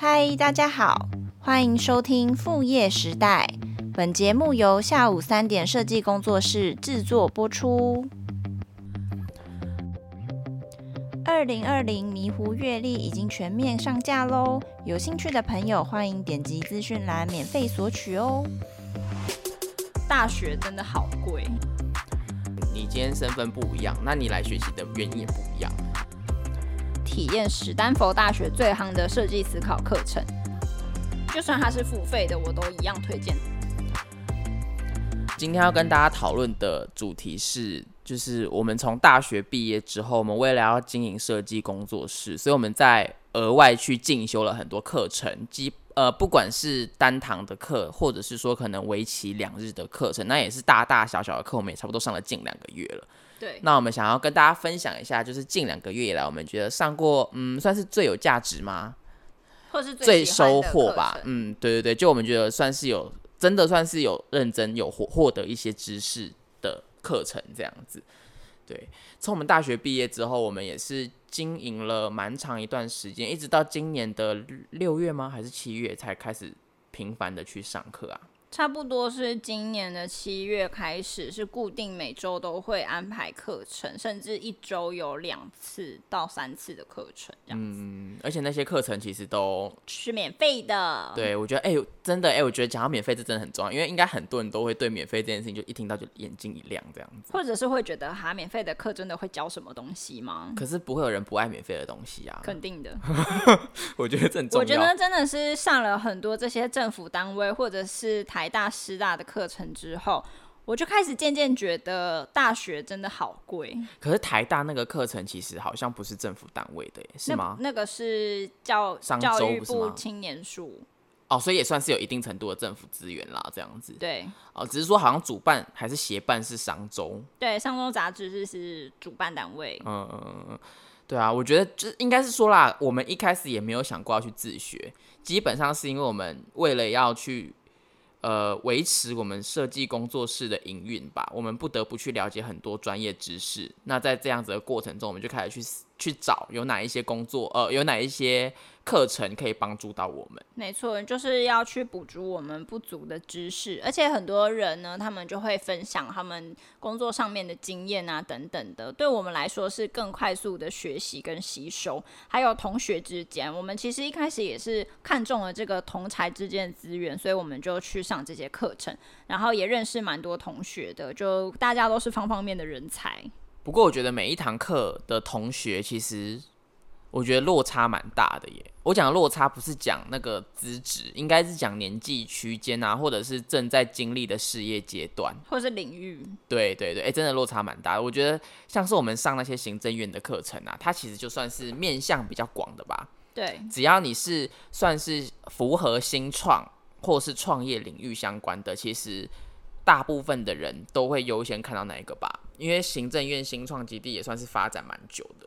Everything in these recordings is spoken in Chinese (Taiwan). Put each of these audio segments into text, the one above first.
嗨，大家好，歡迎收聽《副業時代》。本節目由下午三點設計工作室製作播出。二零二零迷糊月曆已經全面上架嘍，有興趣的朋友歡迎點擊資訊欄免費索取哦。大學真的好貴。你今天身份不一樣，那你來學習的原因也不一樣。體驗史丹佛大學最夯的設計思考課程，就算它是付費的，我都一樣推薦。今天要跟大家討論的主題是，就是我們從大學畢業之後，我們為了要經營設計工作室，所以我們在額外去進修了很多課程，基呃不管是單堂的課，或者是說可能為期兩日的課程，那也是大大小小的課，我們也差不多上了近兩個月了。對，那我們想要跟大家分享一下，就是近兩個月以來，我們覺得上過，嗯，算是最有價值嗎？或是最，最收穫吧？嗯，對對對，就我們覺得算是有，真的算是有認真有獲獲得一些知識的課程這樣子。對，從我們大學畢業之後，我們也是經營了蠻長一段時間，一直到今年的六月嗎？還是七月才開始頻繁的去上課啊？差不多是今年的七月開始，是固定每週都會安排課程，甚至一週有兩次到三次的課程這樣子。嗯，而且那些課程其實都是免費的。對，我覺得，哎、欸，真的，哎、欸，我覺得講到免費，這真的很重要，因為應該很多人都會對免費這件事情就一聽到就眼睛一亮這樣子，或者是會覺得，哈、啊，免費的課真的會教什麼東西嗎？可是不會有人不愛免費的東西啊，肯定的。 我覺得這很重要。我覺得真的是上了很多這些政府單位或者是他。台大、師大的課程之後，我就開始漸漸覺得大學真的好貴。可是台大那個課程其實好像不是政府單位的耶，是嗎？那、那個是教商周教育部青年署哦，所以也算是有一定程度的政府資源啦。這樣子，對哦，只是說好像主辦還是協辦是商周，對，商周雜誌是是主辦單位。嗯嗯嗯，對啊，我覺得就應該是說啦，我們一開始也沒有想過要去自學，基本上是因為我們為了要去。呃，維持我們設計工作室的營運吧，我們不得不去了解很多專業知識。那在這樣子的過程中，我們就開始去去找有哪一些工作，呃，有哪一些課程可以幫助到我們，沒錯，就是要去補足我們不足的知識，而且很多人呢，他們就會分享他們工作上面的經驗啊等等的，對我們來說是更快速的學習跟吸收。還有同學之間，我們其實一開始也是看中了這個同儕之間的資源，所以我們就去上這些課程，然後也認識蠻多同學的，就大家都是方方面面的人才。不過我覺得每一堂課的同學其實。我覺得落差蠻大的耶。我講的落差不是講那個資質，應該是講年紀區間啊，或者是正在經歷的事業階段，或者是領域。對對對，哎、欸，真的落差蠻大的。我覺得像是我們上那些行政院的課程啊，它其實就算是面向比較廣的吧。對，只要你是算是符合新創或是創業領域相關的，其實大部分的人都會優先看到那一個吧。因為行政院新創基地也算是發展蠻久的。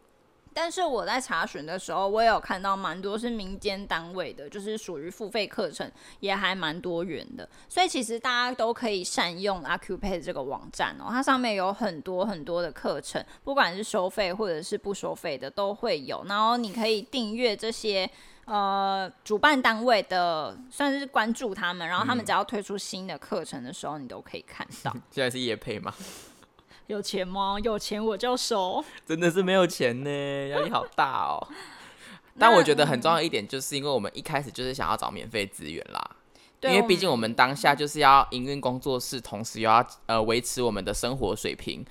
但是我在查詢的時候，我也有看到蠻多是民間單位的，就是屬於付費課程，也還蠻多元的。所以其實大家都可以善用 Accupass 這個網站哦、喔，它上面有很多很多的課程，不管是收費或者是不收費的都會有。然後你可以訂閱這些呃主辦單位的，算是關注他們，然後他們只要推出新的課程的時候、嗯，你都可以看到。現在是業配嗎？有錢嗎？有錢我就收。真的是沒有錢呢，壓力好大哦、喔。 但我覺得很重要一點，就是因為我們一開始就是想要找免費資源啦，因為畢竟我們當下就是要營運工作室，同時又要，要呃維持我們的生活水平，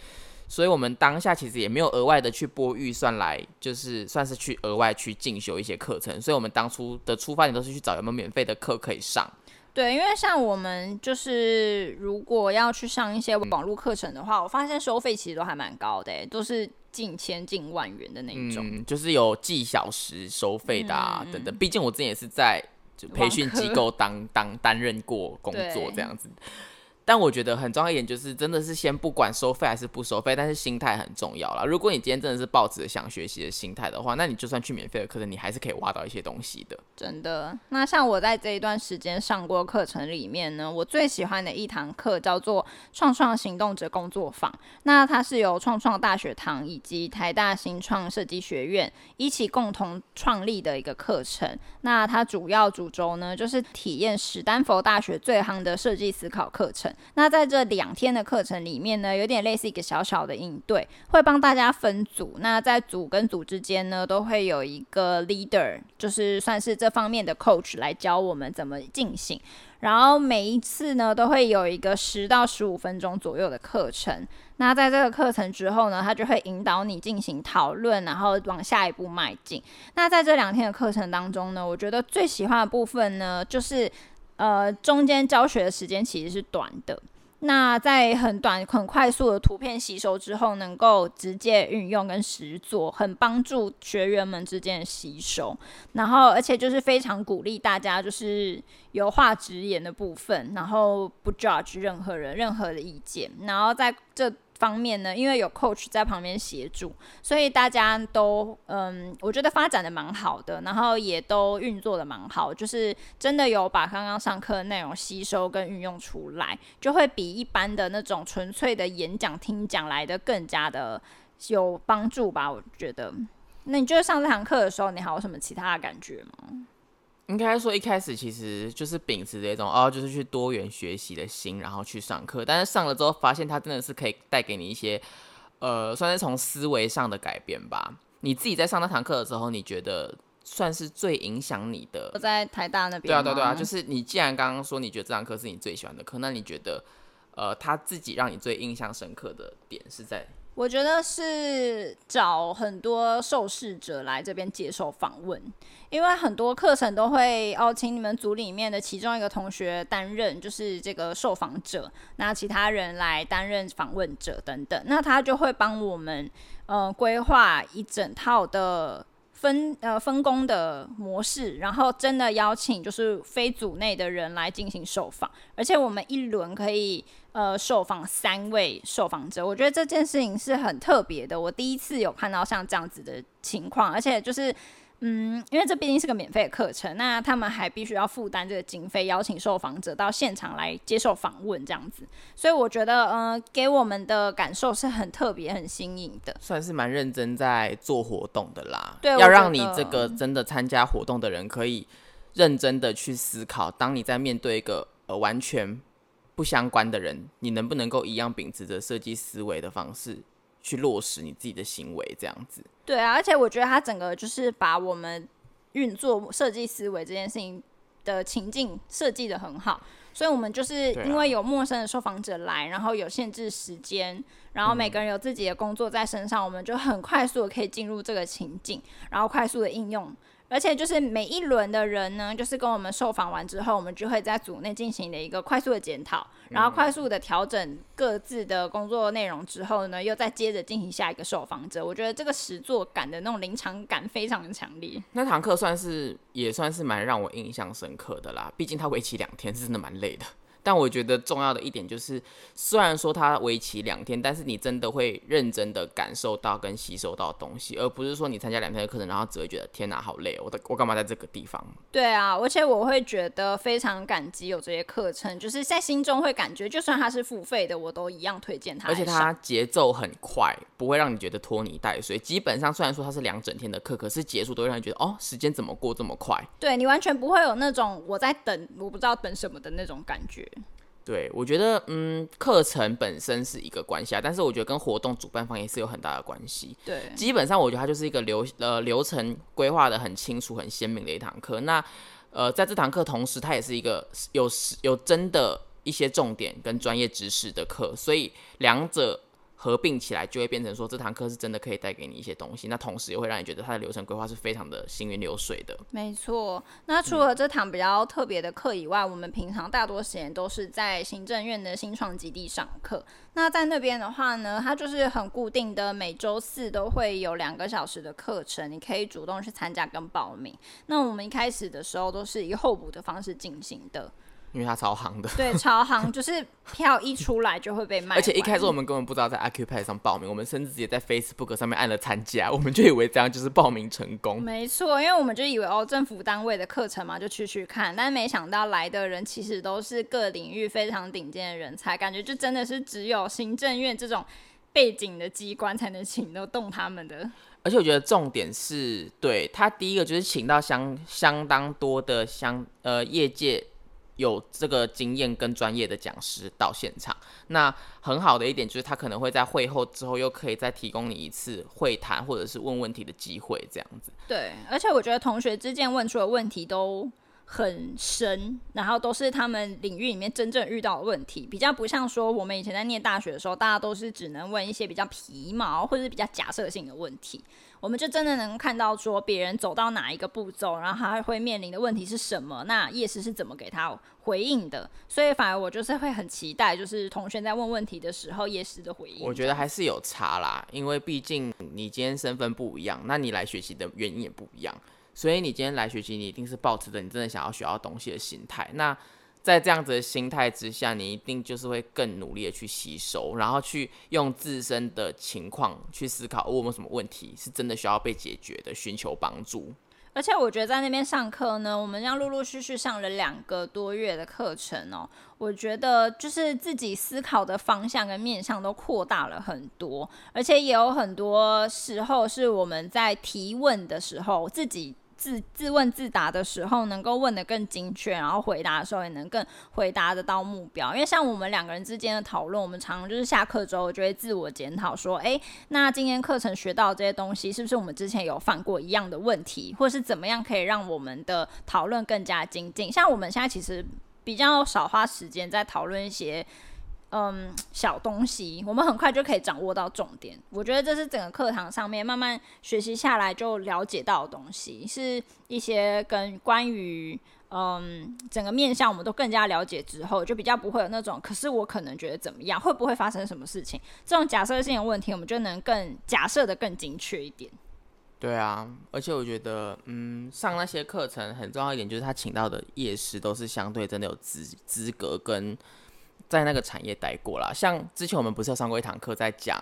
所以我們當下其實也沒有額外的去撥預算來，就是算是去額外去進修一些課程。所以我們當初的出發點都是去找有沒有免費的課可以上。對，因為像我們就是如果要去上一些網絡課程的話、嗯，我發現收費其實都還蠻高的，都、就是近千、近萬元的那種、嗯，就是有計小時收費的啊、嗯、等等。畢竟我之前也是在培訓機構當當擔任過工作這樣子。但我覺得很重要一點就是，真的是先不管收費還是不收費，但是心態很重要啦，如果你今天真的是抱着想學習的心態的話，那你就算去免費的課程，你還是可以挖到一些東西的。真的。那像我在這一段時間上過課程裡面呢，我最喜歡的一堂課叫做“創創行動者工作坊”。那它是由創創大學堂以及台大新創設計學院一起共同創立的一個課程。那它主要主軸呢，就是體驗史丹佛大學最夯的設計思考課程。那在這兩天的課程裡面呢，有點類似一個小小的應對，會幫大家分組。那在組跟組之間呢，都會有一個 leader，就是算是這方面的 coach 來教我們怎麼進行。然後每一次呢，都會有一個十到十五分鐘左右的課程。那在這個課程之後呢，他就會引導你進行討論，然後往下一步邁進。那在這兩天的課程當中呢，我覺得最喜歡的部分呢，就是。呃，中間教學的時間其實是短的，那在很短、很快速的圖片吸收之後，能夠直接運用跟實作，很幫助學員們之間的吸收。然後，而且就是非常鼓勵大家，就是有話直言的部分，然後不 judge 任何人、任何的意見。然後在這。方面呢，因為有 coach 在旁邊協助，所以大家都嗯，我覺得發展的蠻好的，然後也都運作的蠻好，就是真的有把剛剛上課的內容吸收跟運用出來，就會比一般的那種純粹的演講聽講來的更加的有幫助吧。我覺得，那你覺得上這堂課的時候，你還有什麼其他的感覺嗎？應該說一開始其實就是秉持這種哦，就是去多元學習的心，然後去上課。但是上了之後發現，它真的是可以帶給你一些，呃，算是從思維上的改變吧。你自己在上那堂課的時候，你覺得算是最影響你的？我在台大那邊。對啊，對啊，就是你既然剛剛說你覺得這堂課是你最喜歡的課，那你覺得，呃，他自己讓你最印象深刻的點是在？我覺得是找很多受試者來這邊接受訪問，因為很多課程都會哦，請你們組裡面的其中一個同學擔任就是這個受訪者，那其他人來擔任訪問者等等，那他就會幫我們嗯規劃一整套的。分，呃，分工的模式，然後真的邀請就是非組內的人來進行受訪，而且我們一輪可以，呃，受訪三位受訪者，我覺得這件事情是很特別的，我第一次有看到像這樣子的情況，而且就是。嗯，因為這畢竟是個免費的課程，那他們還必須要負擔這個經費，邀請受訪者到現場來接受訪問，這樣子。所以我覺得，嗯，給我們的感受是很特別、很新穎的，算是蠻認真在做活動的啦。對，要讓你這個真的參加活動的人，可以認真的去思考，當你在面對一個呃完全不相關的人，你能不能夠一樣秉持着設計思維的方式去落實你自己的行為，這樣子。對啊，而且我覺得他整個就是把我們運作設計思維這件事情的情境設計得很好，所以我們就是因為有陌生的受訪者來、啊，然後有限制時間，然後每個人有自己的工作在身上，嗯、我們就很快速的可以進入這個情境，然後快速的應用。而且就是每一輪的人呢，就是跟我們受訪完之後，我們就會在組內進行的一個快速的檢討，然後快速的調整各自的工作內容之後呢，又再接着進行下一個受訪者。我覺得這個實作感的那種臨場感非常強烈。那堂課算是也算是蠻讓我印象深刻的啦，畢竟他為期兩天，是真的蠻累的。但我覺得重要的一點就是，雖然說它為期兩天，但是你真的會認真的感受到跟吸收到東西，而不是說你參加兩天的課程，然後只會覺得天哪，好累，我的我幹嘛在這個地方？對啊，而且我會覺得非常感激有這些課程，就是在心中會感覺，就算它是付費的，我都一樣推薦它。而且它節奏很快，不會讓你覺得拖泥帶水。基本上雖然說它是兩整天的課，可是結束都會讓你覺得哦，時間怎麼過這麼快？對你完全不會有那種我在等，我不知道等什麼的那種感覺。對，我覺得，嗯，課程本身是一個關係啊，但是我覺得跟活動主辦方也是有很大的關係。對，基本上我覺得它就是一個流呃流程規劃得很清楚、很鮮明的一堂課。那呃，在這堂課同時，它也是一個有有真的一些重點跟專業知識的課，所以兩者。合併起來就會變成說，這堂課是真的可以帶給你一些東西。那同時也會讓你覺得它的流程規劃是非常的行雲流水的。沒錯。那除了這堂比較特別的課以外，嗯，我們平常大多時間都是在行政院的新創基地上課。那在那邊的話呢，它就是很固定的，每周四都會有兩個小時的課程，你可以主動去參加跟報名。那我們一開始的時候都是以候補的方式進行的。因為他超夯的。對，對超夯，就是票一出來就會被賣， 而且一開始我們根本不知道在 Accupass 上報名，我們甚至直接在 Facebook 上面按了參加，我們就以為這樣就是報名成功。沒錯，因為我們就以為哦，政府單位的課程嘛，就去去看，但沒想到來的人其實都是各領域非常頂尖的人才，感覺就真的是只有行政院這種背景的機關才能請得動他們的。而且我覺得重點是，對，他第一個就是請到相相當多的相呃業界。有這個經驗跟專業的講師到現場，那很好的一點就是他可能會在會後之後又可以再提供你一次會談或者是問問題的機會，這樣子。對，而且我覺得同學之間問出的問題都很深，然後都是他們領域裡面真正遇到的問題，比較不像說我們以前在念大學的時候，大家都是只能問一些比較皮毛或者是比較假設性的問題，我們就真的能看到說別人走到哪一個步驟，然後他會面臨的問題是什麼，那業師是怎麼給他回應的，所以反而我就是會很期待，就是同學在問問題的時候，業師的回應。我覺得還是有差啦，因為畢竟你今天身份不一樣，那你來學習的原因也不一樣。所以你今天來學習，你一定是抱持著你真的想要學到東西的心態。那在這樣子的心態之下，你一定就是會更努力的去吸收，然後去用自身的情況去思考，哦，我有什麼問題是真的需要被解決的，尋求幫助。而且我覺得在那邊上課呢，我們要陸陸續續上了兩個多月的課程哦。我覺得就是自己思考的方向跟面向都擴大了很多，而且也有很多時候是我們在提問的時候自己。自自問自答的時候，能夠問得更精確，然後回答的時候也能更回答得到目標。因為像我們兩個人之間的討論，我們常常就是下課之後就會自我檢討，說：誒、欸，那今天課程學到這些東西，是不是我們之前有犯過一樣的問題，或是怎麼樣可以讓我們的討論更加精進？像我們現在其實比較少花時間在討論一些。嗯，小東西，我們很快就可以掌握到重點。我覺得這是整個課堂上面慢慢學習下來就了解到的東西，是一些跟關於嗯整個面向我們都更加了解之後，就比較不會有那種，可是我可能覺得怎麼樣，會不會發生什麼事情這種假設性的問題，我們就能更假設的更精確一點。對啊，而且我覺得，嗯，上那些課程很重要一點，就是他請到的業師都是相對真的有資資格跟。在那個產業待過啦，像之前我們不是有上過一堂課在講，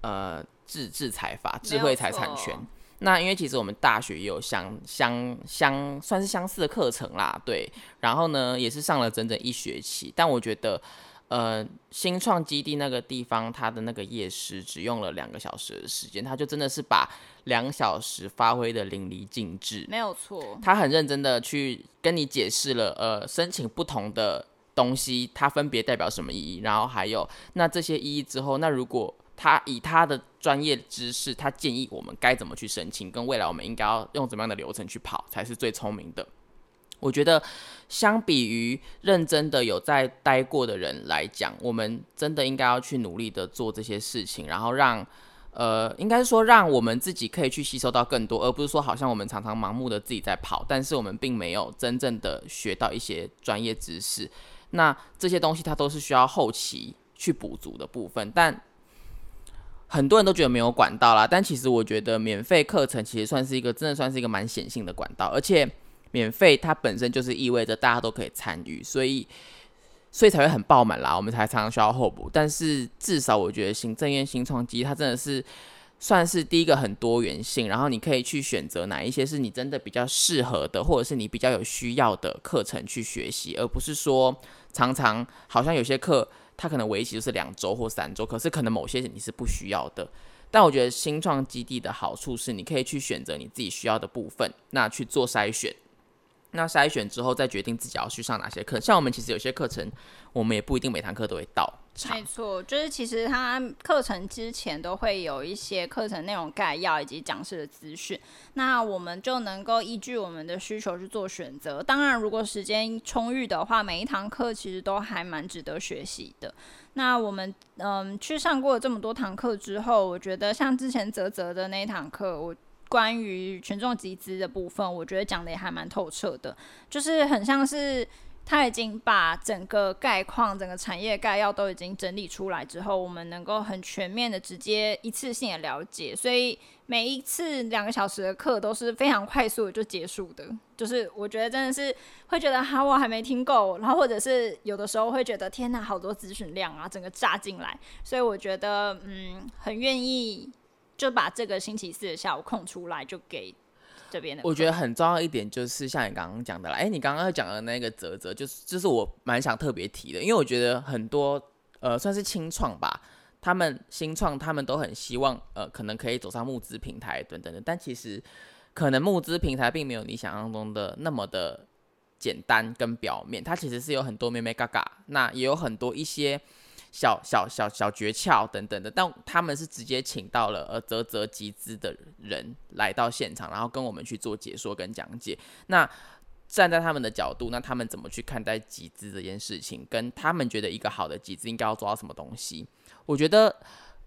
呃，智智財法、智慧財產權。那因為其實我們大學也有相相相，相算是相似的課程啦，對。然後呢，也是上了整整一學期。但我覺得，呃，新創基地那個地方，他的那個業師只用了兩個小時的時間，他就真的是把兩小時發揮得淋漓盡致，沒有錯。他很認真的去跟你解釋了，呃，申請不同的。東西它分別代表什麼意義？然後還有那這些意義之後，那如果他以他的專業知識，他建議我們該怎麼去申請，跟未來我們應該要用怎麼樣的流程去跑才是最聰明的？我覺得相比於認真的有在待過的人來講，我們真的應該要去努力的做這些事情，然後讓呃，應該是說讓我們自己可以去吸收到更多，而不是說好像我們常常盲目的自己在跑，但是我們並沒有真正的學到一些專業知識。那這些東西它都是需要後期去補足的部分，但很多人都覺得沒有管道啦。但其實我覺得免費課程其實算是一個真的算是一個蠻顯性的管道，而且免費它本身就是意味着大家都可以參與，所以所以才會很爆滿啦。我們才常常需要候補。但是至少我覺得行政院新創機它真的是算是第一個很多元性，然後你可以去選擇哪一些是你真的比較適合的，或者是你比較有需要的課程去學習，而不是說。常常好像有些課，它可能為期就是兩週或三週，可是可能某些你是不需要的。但我覺得新創基地的好處是，你可以去選擇你自己需要的部分，那去做篩選。那篩選之後再決定自己要去上哪些課。像我們其實有些課程，我們也不一定每堂課都會到。沒錯，就是其實他課程之前都會有一些課程內容概要以及講師的資訊，那我們就能夠依據我們的需求去做選擇。當然，如果時間充裕的話，每一堂課其實都還蠻值得學習的。那我們嗯去上過這麼多堂課之後，我覺得像之前澤澤的那一堂課，我關於群眾集資的部分，我覺得講的也還蠻透徹的，就是很像是。他已經把整個概況、整個產業概要都已經整理出來之後，我們能夠很全面的、直接一次性的了解。所以每一次兩個小時的課都是非常快速的就結束的，就是我覺得真的是會覺得哈、啊，我還沒聽夠。然後或者是有的時候會覺得天哪，好多資訊量啊，整個炸進來。所以我覺得嗯，很願意就把這個星期四的下午空出來，就給。這我覺得很重要一點就是像你剛剛講的啦，哎、欸，你剛剛講的那個嘖嘖、就是，就是就是我蠻想特別提的，因為我覺得很多呃算是輕創吧，他們新創他們都很希望呃可能可以走上募資平台等等的，但其實可能募資平台並沒有你想象中的那麼的簡單跟表面，它其實是有很多妹妹嘎嘎，那也有很多一些。小小小小訣竅等等的，但他們是直接請到了呃，嘖嘖，集資的人來到現場，然後跟我們去做解說跟講解。那站在他們的角度，那他們怎麼去看待集資這件事情？跟他們覺得一個好的集資應該要做到什麼東西？我覺得，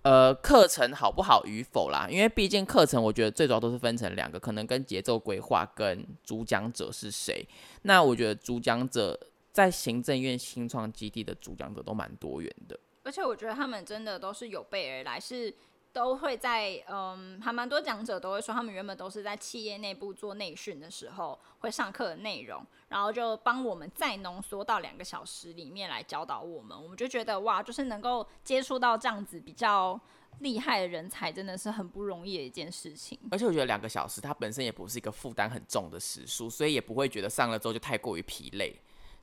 呃，課程好不好與否啦，因為畢竟課程我覺得最主要都是分成兩個，可能跟節奏規劃跟主講者是誰。那我覺得主講者。在行政院新創基地的主講者都蠻多元的，而且我覺得他們真的都是有備而來，是都會在嗯，還蠻多講者都會說，他們原本都是在企業內部做內訓的時候會上課的內容，然後就幫我們再濃縮到兩個小時裡面來教導我們。我們就覺得哇，就是能夠接觸到這樣子比較厲害的人才，真的是很不容易的一件事情。而且我覺得兩個小時，它本身也不是一個負擔很重的時數，所以也不會覺得上了之後就太過於疲累。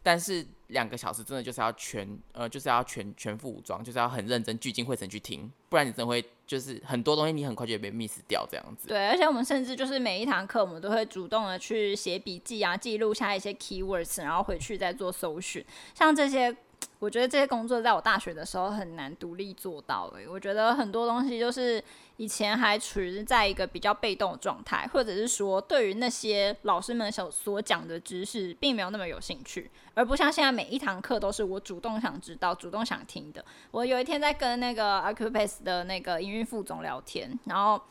但是兩個小時真的就是要全，呃，就是要全全副武裝，就是要很認真聚精會神去聽，不然你真的會就是很多東西你很快就被 miss 掉這樣子。對，而且我們甚至就是每一堂課我們都會主動的去寫筆記啊，記錄下一些 keywords，然後回去再做搜尋，像這些。我覺得這些工作在我大學的時候很難獨立做到誒、欸。我覺得很多東西就是以前還處於在一個比較被動的狀態，或者是說對於那些老師們所所講的知識並沒有那麼有興趣，而不像現在每一堂課都是我主動想知道、主動想聽的。我有一天在跟那個 Acupace 的那個營運副總聊天，然後。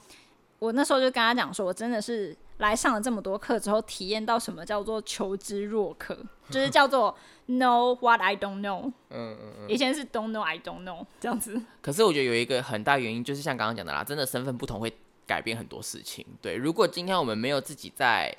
我那時候就跟他講說，我真的是來上了這麼多課之後，體驗到什麼叫做求知若渴，就是叫做 know what I don't know。嗯。嗯嗯，以前是 don't know I don't know 這樣子。可是我覺得有一個很大原因，就是像剛剛講的啦，真的身份不同會改變很多事情。對，如果今天我們沒有自己在。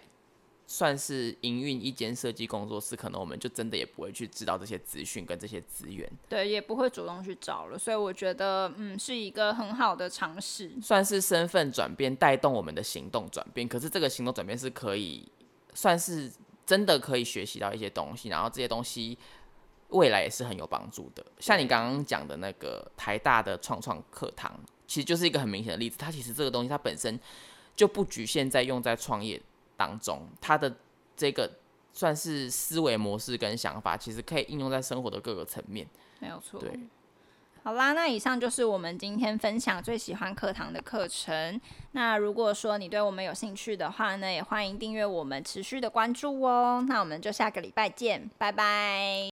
算是營運一間設計工作室，可能我們就真的也不會去知道這些資訊跟這些資源，對，也不會主動去找了。所以我覺得，嗯，是一個很好的嘗試。算是身份轉變帶動我們的行動轉變，可是這個行動轉變是可以算是真的可以學習到一些東西，然後這些東西未來也是很有幫助的。像你剛剛講的那個台大的創創課堂，其實就是一個很明顯的例子。它其實這個東西它本身就不局限在用在創業當中，他的這個算是思維模式跟想法，其實可以應用在生活的各個層面。沒有錯。對，好啦，那以上就是我們今天分享最喜歡課堂的課程。那如果說你對我們有興趣的話呢，也歡迎訂閱我們持續的關注哦。那我們就下個禮拜見，拜拜。